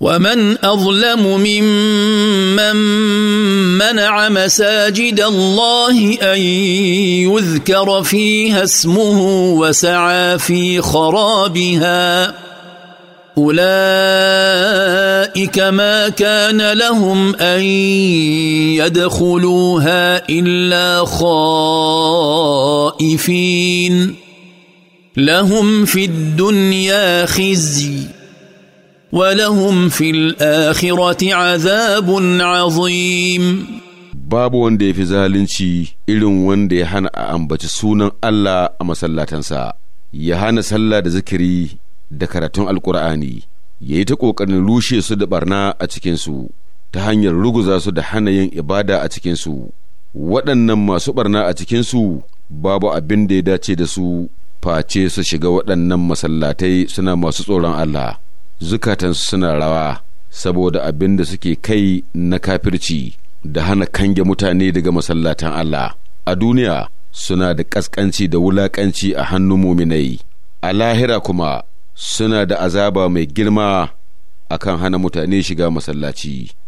ومن اظلم ممن منع مساجد الله ان يذكر فيها اسمه وسعى في خرابها اولئك ما كان لهم ان يدخلوها الا خائفين لهم في الدنيا خزي ولهم في الآخرة عذاب عظيم babu wanda ya fi zalunci irin wanda ya hana a ambaci sunan Allah a masallatansa, ya hana sallah da zikiri da karatun alkur'ani ya yi ta ƙoƙarin rushe su da barna a cikinsu ta hanyar ruguza su da hana yin ibada a cikinsu waɗannan masu barna a cikinsu babu abin da ya dace da su face su shiga waɗannan masallatai suna masu tsoron Allah. zukatansu suna rawa saboda abin da suke kai na kafirci da hana kange mutane daga masallatan Allah a duniya suna da ƙasƙanci da wulaƙanci a hannun muminai a lahira kuma suna da azaba mai girma akan hana mutane shiga masallaci